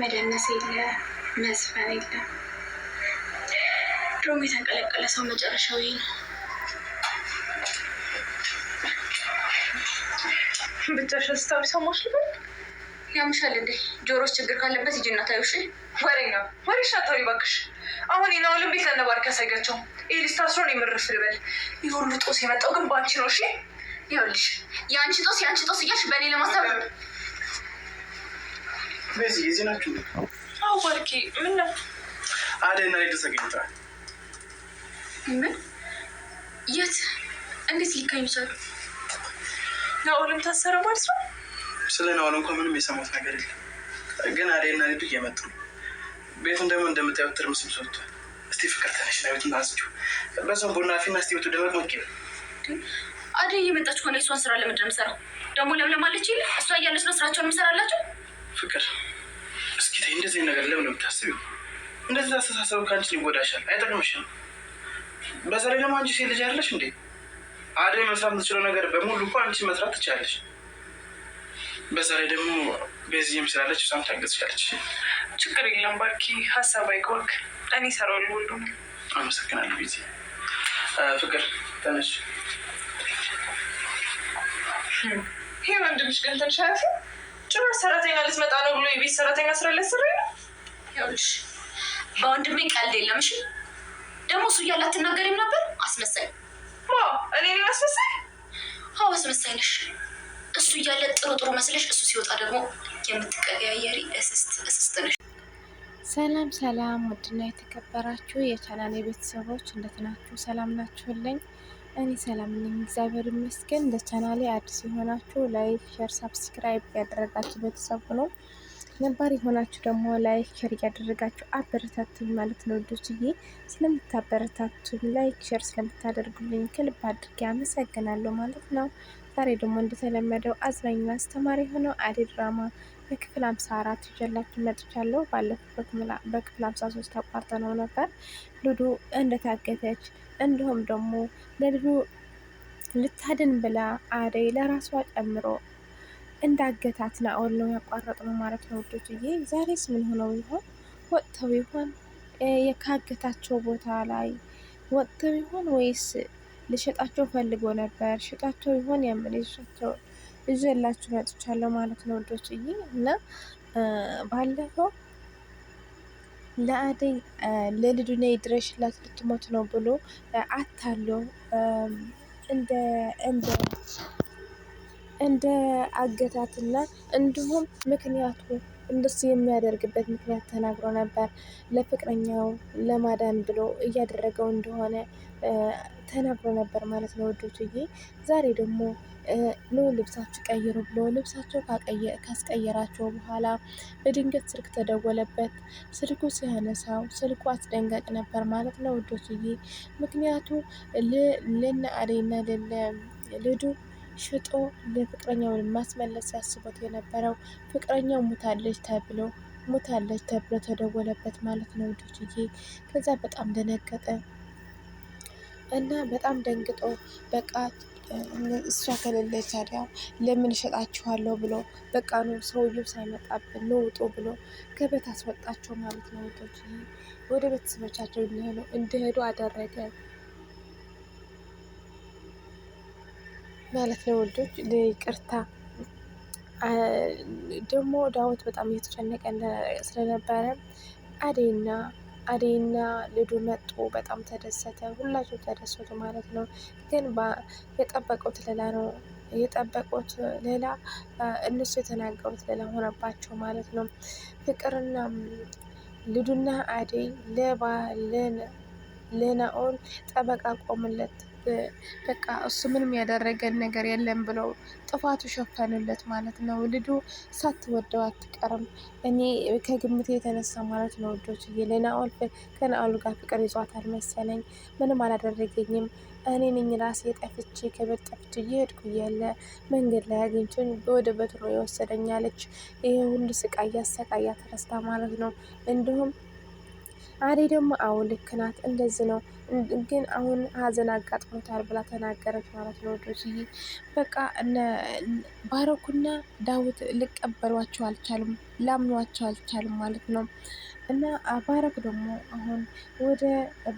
መደነስ የለ መስፈን የለ። ድሮም የተንቀለቀለ ሰው መጨረሻው ይሄ ነው። ብቻሽ ስታዊ ሰማሽ ልበል ያምሻል እንዴ? ጆሮስ ችግር ካለበት ሂጂና ታዩሽ። ወሬኛ ወሬሽ ናታዊ ባክሽ። አሁን ናውልም ቤት ለነባርክ ያሳያቸው ኤሊስታስሮን የምርፍ ልበል። የሁሉ ጦስ የመጣው ግን በአንቺ ነው። እሺ ይኸውልሽ፣ የአንቺ ጦስ የአንቺ ጦስ እያልሽ በእኔ ለማሳበብ በዚህ የዚህ ናችሁ? አዎ ባርኪ፣ ምን ነው አደና ላይ ተገኝተዋል። ምን? የት? እንዴት ሊካኝ ይቻሉ? ናኦልም ታሰረ ማለት ነው? ስለ ናኦል እንኳ ምንም የሰማሁት ነገር የለም፣ ግን አደና ሊዱ እየመጡ ነው። ቤቱን ደግሞ እንደምታዩት ትርምስ ሰጥቷል። እስቲ ፍቅር ተነሽ ና ቤቱን አጽጁ። በዛም ቡና ፊና እስቲ ቤቱ ደመቅ መቂ ነው አደ እየመጣች ከሆነ የሷን ስራ ለምንድን ነው የምሰራው? ደግሞ ለምለም አለች ይል እሷ እያለች ነው ስራቸውን የምሰራላቸው ፍቅር እስኪ ተይ፣ እንደዚህ ነገር ለምን የምታስቢው? እንደዚህ አስተሳሰብ ከአንቺ ይጎዳሻል፣ አይጠቅምሽም። በዛ ላይ ደግሞ አንቺ ሴት ልጅ አለሽ እንዴ? አደይ መስራት የምትችለው ነገር በሙሉ እኮ አንቺ መስራት ትችላለች በዛ ላይ ደግሞ በዚህም ስላለች እሷም ታገዝሻለች። ችግር የለም ባርኪ፣ ሀሳብ አይቆርክ። እኔ ሰራሉ ሁሉ አመሰግናለሁ። ቤዚ ፍቅር ተነሽ። ይህ ወንድምሽ ግን ትንሽ ጭራሽ ሰራተኛ ልትመጣ ነው ብሎ የቤት ሰራተኛ ስራ ሊያሰራ ነው። ይኸውልሽ በወንድሜ ቀልድ የለም። እሺ ደግሞ እሱ እያለ አትናገሪም ነበር? አስመሳይ እኔ አስመሳይ? አዎ አስመሳይ ነሽ። እሱ እያለ ጥሩ ጥሩ መስለሽ፣ እሱ ሲወጣ ደግሞ የምትቀያየሪ እስስት እስስት ነሽ። ሰላም ሰላም፣ ውድና የተከበራችሁ የቻናል የቤተሰቦች እንደት ናችሁ? ሰላም ናችሁልኝ? እኔ ሰላም ነኝ፣ እግዚአብሔር ይመስገን። ለቻናሌ አዲስ የሆናችሁ ላይክ፣ ሼር፣ ሳብስክራይብ ያደረጋችሁ ቤተሰቡ ነው። ነባር የሆናችሁ ደግሞ ላይክ ሼር እያደረጋችሁ አበረታቱኝ ማለት ነው። ዱስዬ ስለምታበረታቱኝ ላይክ ሼር ስለምታደርጉልኝ ከልብ አድርጌ አመሰግናለሁ ማለት ነው። ዛሬ ደግሞ እንደተለመደው አዝናኝና አስተማሪ የሆነው አደይ ድራማ በክፍል 54 ይዤላችሁ መጥቻለሁ። ባለፉት በክፍል 53 አቋርጠነው ነበር ልዱ እንደታገተች እንዲሁም ደግሞ ለልዱ ልታድን ብላ አደይ ለራሷ ጨምሮ እንዳገታት ናኦል ነው ያቋረጥነው ማለት ነው ውዶችዬ። ዛሬስ ምን ሆነው ይሆን? ወጥተው ይሆን? የካገታቸው ቦታ ላይ ወጥተው ይሆን ወይስ ልሸጣቸው ፈልጎ ነበር? ሽጣቸው ይሆን? ያምን ይዤላችሁ መጥቻለሁ ማለት ነው ውዶችዬ። እና ባለፈው ለአደይ ለልዱና ይድረሽላት ልትሞት ነው ብሎ አታሎ እንደ እንደ እንደ አገታትና እንዲሁም ምክንያቱ እንደሱ የሚያደርግበት ምክንያት ተናግሮ ነበር። ለፍቅረኛው ለማዳን ብሎ እያደረገው እንደሆነ ተናግሮ ነበር ማለት ነው ውዶችዬ። ዛሬ ደግሞ ኑ ልብሳችሁ ቀይሩ ብሎ ልብሳቸው ካስቀየራቸው በኋላ በድንገት ስልክ ተደወለበት። ስልኩ ሲያነሳው ስልኩ አስደንጋጭ ነበር ማለት ነው ውዶችዬ። ምክንያቱ ለነ አደይና ልዱ ሽጦ ለፍቅረኛውን ማስመለስ ያስቦት የነበረው ፍቅረኛው ሙታለች ተብሎ ሙታለች ተብሎ ተደወለበት ማለት ነው ዱድዬ። ከዛ በጣም ደነገጠ እና በጣም ደንግጦ በቃ እሷ ከሌለች ታዲያ ለምን እሸጣችኋለሁ ብሎ በቃ ነው ሰውዬው ሳይመጣብን ውጡ ብሎ ከቤት አስወጣቸው ማለት ነው ዱድዬ። ወደ ቤተሰቦቻቸው እንዲሄዱ አደረገ። ማለት ነው ውዶች። ይቅርታ ደግሞ ዳዊት በጣም እየተጨነቀ ስለነበረ አዴና አዴና ልዱ መጡ። በጣም ተደሰተ። ሁላቸው ተደሰቱ ማለት ነው። ግን የጠበቁት ሌላ ነው የጠበቁት ሌላ፣ እነሱ የተናገሩት ሌላ ሆነባቸው ማለት ነው። ፍቅርና ልዱና አዴ ለባ ለናኦል ጠበቃ ቆምለት በቃ እሱ ምንም ያደረገን ነገር የለም ብለው ጥፋቱ ሸፈኑለት ማለት ነው። ልዱ ሳትወደው አትቀርም። እኔ ከግምት የተነሳ ማለት ነው ውዶች፣ ለናኦል ከናኦል ጋር ፍቅር ይዟታል መሰለኝ። ምንም አላደረገኝም እኔ ነኝ ራሴ ጠፍቼ ከቤት ጠፍቼ እየሄድኩ እያለ መንገድ ላይ አግኝቶኝ ወደ በትሮ የወሰደኛለች። ይሄ ሁሉ ስቃይ ያሰቃያት ረስታ ማለት ነው እንዲሁም አዴ ደግሞ አዎ ልክ ናት፣ እንደዚህ ነው ግን አሁን ሀዘን አጋጥሞታል ብላ ተናገረች ማለት ነው። ዶችዬ በቃ ባረኩና ዳዊት ልቀበሏቸው አልቻልም፣ ላምኗቸው አልቻልም ማለት ነው። እና ባረክ ደግሞ አሁን ወደ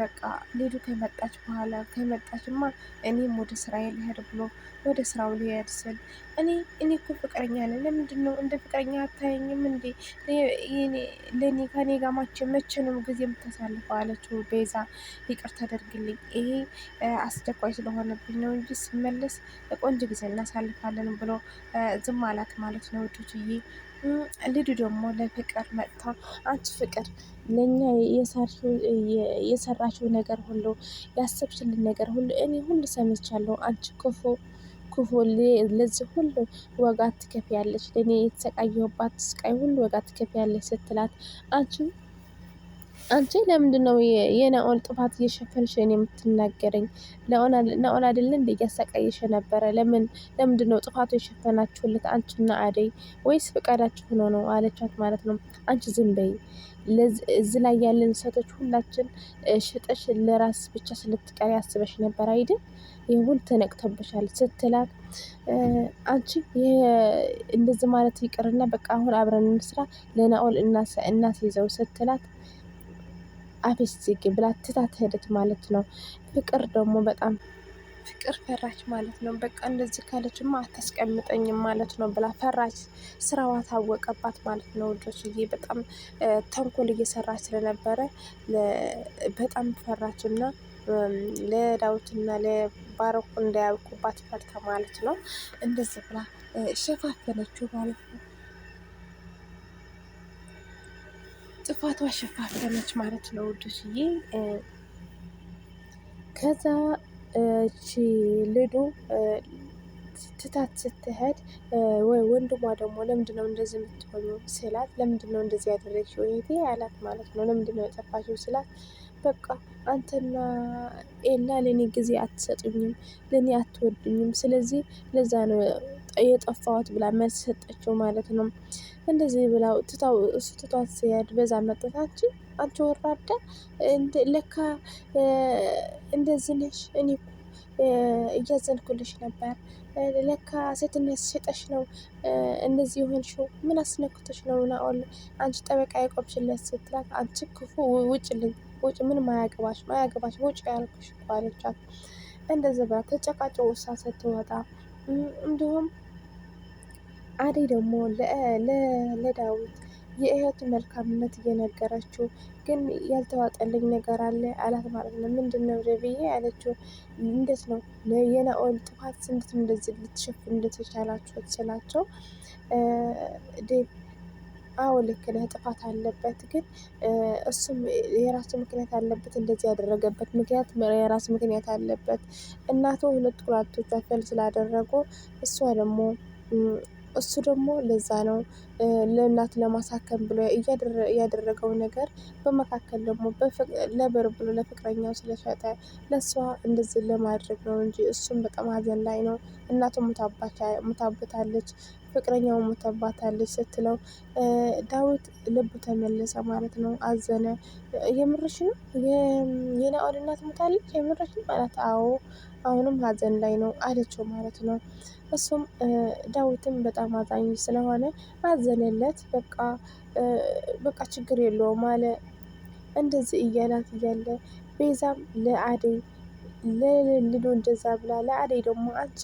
በቃ ሊዱ ከመጣች በኋላ ከመጣችማ እኔም ወደ ስራ ልሄድ ብሎ ወደ ስራው ሊሄድ ስል እኔ እኔ እኮ ፍቅረኛ ነን፣ ለምንድን ነው እንደ ፍቅረኛ አታየኝም እንዴ? ለእኔ ከኔ ጋር ማቼ መቼ ነው ጊዜ የምታሳልፈው? አለችው ቤዛ። ይቅርታ አደርግልኝ፣ ይሄ አስቸኳይ ስለሆነብኝ ነው እንጂ ስመለስ ቆንጆ ጊዜ እናሳልፋለን ብሎ ዝም አላት ማለት ነው ውዶችዬ። ልዱ ደግሞ ለፍቅር መጥታ አንቺ ፍቅር ለእኛ የሰራችው ነገር ሁሉ ያሰብችልን ነገር ሁሉ እኔ ሁሉ ሰምቻለሁ። አንቺ ክፉ ክፉ ለዚህ ሁሉ ዋጋ ትከፍያለች፣ ለእኔ የተሰቃየሁባት ስቃይ ሁሉ ዋጋ ትከፍያለች ስትላት አንቺ አንቺ ለምንድን ነው የናኦል ጥፋት እየሸፈንሽን የምትናገረኝ? ናኦል አይደለ እንዴ እያሰቃየሽ ነበረ? ለምን ለምንድን ነው ጥፋቱ የሸፈናችሁለት አንቺና አደይ ወይስ ፍቃዳችሁ ሆኖ ነው አለቻት ማለት ነው። አንቺ ዝም በይ፣ እዚ ላይ ያለን ሴቶች ሁላችን ሽጠሽ ለራስ ብቻ ስልትቀሪ አስበሽ ነበር አይደል? ይሁን ሁሉ ተነቅቶብሻል ስትላት አንቺ እንደዚህ ማለት ይቅርና በቃ አሁን አብረን እንስራ፣ ለናኦል እናስይዘው ስትላት አብስጊ ብላ ትታት ሄደች ማለት ነው። ፍቅር ደግሞ በጣም ፍቅር ፈራች ማለት ነው። በቃ እንደዚህ ካለችማ አታስቀምጠኝም ማለት ነው ብላ ፈራች። ስራዋ ታወቀባት ማለት ነው። ውዶችዬ በጣም ተንኮል እየሰራች ስለነበረ በጣም ፈራች እና ለዳዊትና ለባረቁ እንዳያውቁባት ፈርታ ማለት ነው እንደዚህ ብላ ሸፋፈነችው ማለት ነው። ጥፋቷ ሸፋፈነች ማለት ነው ውዱስዬ። ከዛ እቺ ልዱ ትታት ስትሄድ ወይ ወንድሟ ደግሞ ለምንድነው እንደዚህ የምትሆኑ ስላት፣ ነው እንደዚህ ያደረግሽው ይሄ አላት ማለት ነው። ነው የጠፋሽው ስላት በቃ አንተና ኤላ ለእኔ ጊዜ አትሰጡኝም፣ ለእኔ አትወዱኝም፣ ስለዚህ ለዛ ነው የጠፋሁት ብላ መልስ ሰጠችው ማለት ነው። እንደዚህ ብላው ትታው እሱ ትቷት ሲሄድ በዛ መጠታችን አንቺ ወራዳ ለካ እንደዚህ ነሽ፣ እኔ እያዘንኩልሽ ነበር። ለካ ሴትነት ሸጠሽ ነው እንደዚህ የሆንሽው። ምን አስነክቶሽ ነው ናኦል አንቺ ጠበቃ የቆምሽለት ስትላት፣ አንቺ ክፉ ውጭልኝ፣ ውጭ፣ ምን አያገባሽ፣ አያገባሽ፣ ውጭ ያልኩሽ እኮ አለቻት። እንደዚህ ብላ ተጨቃጭ ውሳ ስትወጣ እንዲሁም አደይ ደግሞ ለዳዊት የእህት መልካምነት እየነገረችው ግን ያልተዋጠልኝ ነገር አለ አላት ማለት ነው። ምንድን ነው ደብዬ አለችው። እንዴት ነው የናኦል ጥፋት ስንት እንደዚህ ልትሸፍን እንደተቻላችሁ ስላቸው አዎ ልክ ነህ፣ ጥፋት አለበት። ግን እሱም የራሱ ምክንያት አለበት፣ እንደዚህ ያደረገበት ምክንያት የራሱ ምክንያት አለበት። እናቱ ሁለት ቁራቶች ፈል ስላደረጉ እሷ ደግሞ እሱ ደግሞ ለዛ ነው ለእናት ለማሳከም ብሎ ያደረገው ነገር በመካከል ደግሞ ለብር ብሎ ለፍቅረኛው ስለሸጠ ለእሷ እንደዚህ ለማድረግ ነው እንጂ እሱም በጣም ሀዘን ላይ ነው። እናቱ ሙታበታለች፣ ፍቅረኛው ሙታባታለች ስትለው ዳዊት ልቡ ተመለሰ ማለት ነው። አዘነ። የምርሽ ነው የናኦል እናት ሙታለች የምርሽ ነው ማለት አዎ አሁንም ሀዘን ላይ ነው አለችው ማለት ነው። እሱም ዳዊትም በጣም አዛኝ ስለሆነ አዘነለት። በቃ በቃ ችግር የለውም አለ። እንደዚህ እያላት እያለ ቤዛም ለአደይ ለልሉ እንደዛ ብላ ለአደይ ደግሞ አንቺ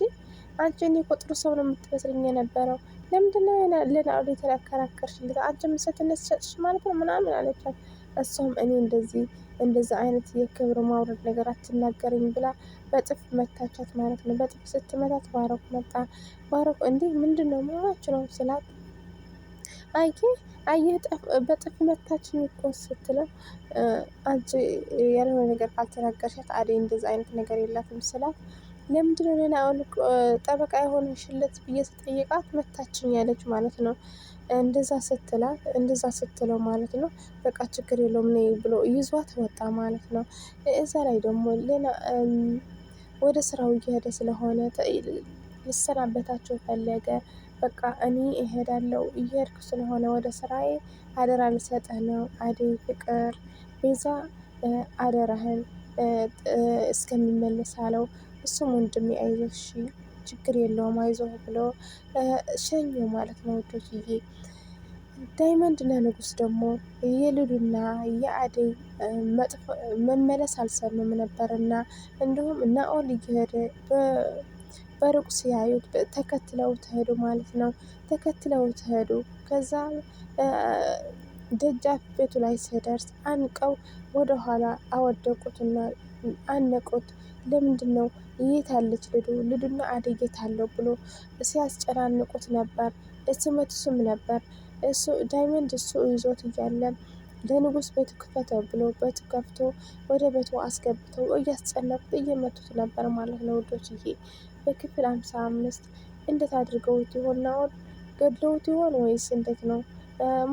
አንቺ እኔ እኮ ሰው ነው የምትመስልኝ የነበረው ለምንድነው ለናኦል የተከራከርሽለት? አንቺ ምስክርነት ትሰጥሽ ማለት ነው ምናምን አለቻት። እሷም እኔ እንደዚህ እንደዚህ አይነት የክብር ማውረድ ነገር አትናገረኝ ብላ በጥፍ መታቻት ማለት ነው። በጥፍ ስትመታት ባረኩ መጣ። ባረኩ እንዲህ ምንድን ነው ምናችሁ ነው ስላት አይ አየህ በጥፍ መታችኝ እኮ ስትለው አንቺ ያልሆነ ነገር ካልተናገርሻት አደይ እንደዚህ አይነት ነገር የላትም ስላት ለምንድነው ለእኔ አሁን ጠበቃ የሆነሽለት ብዬ ስጠይቃት መታችኝ ያለች ማለት ነው። እንደዛ ስትላት እንደዛ ስትለው ማለት ነው በቃ ችግር የለውም ነይ ብሎ ይዟት ወጣ ማለት ነው። እዛ ላይ ደግሞ ሌላ ወደ ስራው እየሄደ ስለሆነ ልሰናበታቸው ፈለገ። በቃ እኔ እሄዳለሁ እየሄድኩ ስለሆነ ወደ ስራዬ አደራ ልሰጥህ ነው አደይ፣ ፍቅር፣ ቤዛ አደራህን እስከሚመለስ አለው። እሱም ወንድሜ አይዞሽ ችግር የለውም አይዞህ ብሎ ሸኘ ማለት ነው ዳይመንድ ዳይመንድና ንጉስ ደግሞ የልዱና የአደይ መመለስ አልሰሙም ነበርና እንዲሁም ናኦል እየሄደ በሩቅ ሲያዩት ተከትለው ተሄዱ ማለት ነው። ተከትለው ተሄዱ። ከዛ ደጃፍ ቤቱ ላይ ሲደርስ አንቀው ወደኋላ አወደቁትና አነቁት። ለምንድን ነው የት ያለች ልዱ ልዱና አደይ የት አለው ብሎ ሲያስጨናንቁት ነበር። እትመቱስም ነበር እሱ ዳይመንድ እሱ ይዞት እያለ ለንጉስ ቤት ክፈተው ብሎ ቤቱ ከፍቶ ወደ ቤቱ አስገብተው እያስጨነቁት እየመቱት ነበር ማለት ነው ዬ በክፍል አምሳ አምስት እንዴት አድርገውት ይሆን ናኦል ገድለውት ይሆን ወይስ እንዴት ነው?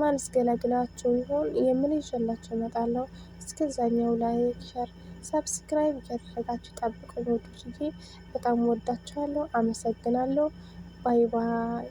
ማንስ ገላግላቸው ይሆን? የምን ይሸላቸው እመጣለሁ። እስከዛኛው ላይክ ሸር ሰብስክራይብ እያደረጋችሁ ጠብቁ። በጣም ወዳችኋለሁ። አመሰግናለሁ። ባይ ባይ።